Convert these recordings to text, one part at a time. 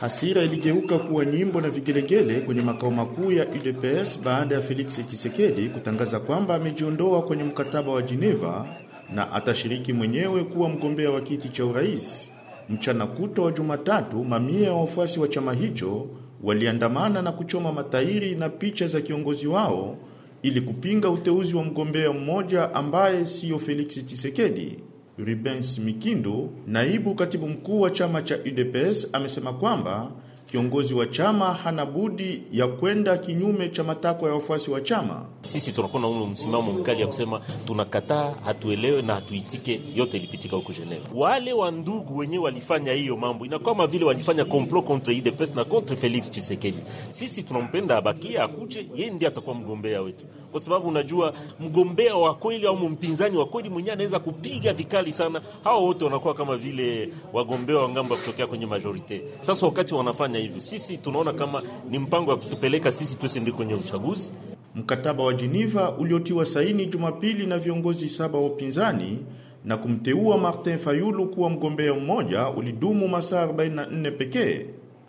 Hasira iligeuka kuwa nyimbo na vigelegele kwenye makao makuu ya UDPS baada ya Felix Tshisekedi kutangaza kwamba amejiondoa kwenye mkataba wa Geneva na atashiriki mwenyewe kuwa mgombea wa kiti cha urais. Mchana kuto wa Jumatatu, mamia ya wafuasi wa chama hicho waliandamana na kuchoma matairi na picha za kiongozi wao ili kupinga uteuzi wa mgombea mmoja ambaye siyo Felix Tshisekedi. Rubens Mikindo, naibu katibu mkuu wa chama cha UDPS, amesema kwamba kiongozi wa chama hana budi ya kwenda kinyume cha matakwa ya wafuasi wa chama. Sisi tunakuwa na ule msimamo mkali ya kusema tunakataa, hatuelewe na hatuitike yote ilipitika huko Geneva. Wale wa ndugu wenyewe walifanya hiyo mambo, inakuwa kama vile walifanya complot contre UDPS na contre Felix Tshisekedi. Sisi tunampenda abakia akuche yeye ndiye atakuwa mgombea wetu, kwa sababu unajua mgombea wa kweli au mpinzani wa kweli mwenyewe anaweza kupiga vikali sana. Hao wote wanakuwa kama vile wagombea wa ngambo ya kutokea kwenye majorite. Sasa wakati wanafanya hivyo sisi tunaona kama ni mpango wa kutupeleka sisi tusindi kwenye uchaguzi. Mkataba wa Geneva uliotiwa saini Jumapili na viongozi saba wa upinzani na kumteua Martin Fayulu kuwa mgombea mmoja ulidumu masaa 44 pekee.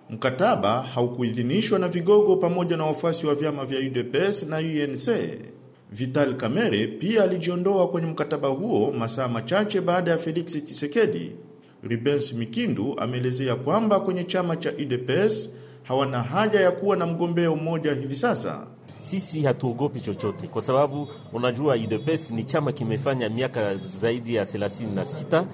Mkataba haukuidhinishwa na vigogo pamoja na wafuasi wa vyama vya UDPS na UNC. Vital Kamerhe pia alijiondoa kwenye mkataba huo masaa machache baada ya Felix Tshisekedi Rubens Mikindu ameelezea kwamba kwenye chama cha UDPS hawana haja ya kuwa na mgombea mmoja hivi sasa sisi hatuogopi chochote, kwa sababu unajua UDPS ni chama kimefanya miaka zaidi ya thelathini na sita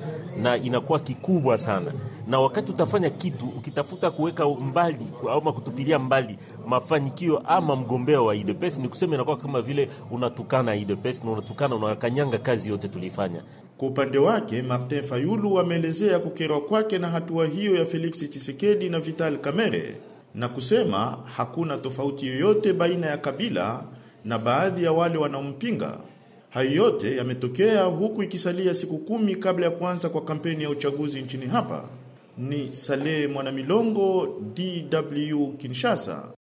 na inakuwa kikubwa sana, na wakati utafanya kitu ukitafuta kuweka mbali ama kutupilia mbali mafanikio ama mgombea wa UDPS, ni kusema inakuwa kama vile unatukana UDPS na unatukana, unakanyanga kazi yote tulifanya. Kwa upande wake Martin Fayulu ameelezea kukerwa kwake na hatua hiyo ya Felix chisekedi na Vital Kamerhe na kusema hakuna tofauti yoyote baina ya kabila na baadhi ya wale wanaompinga. Hayo yote yametokea huku ikisalia siku kumi kabla ya kuanza kwa kampeni ya uchaguzi nchini hapa. Ni Saleh Mwanamilongo, DW Kinshasa.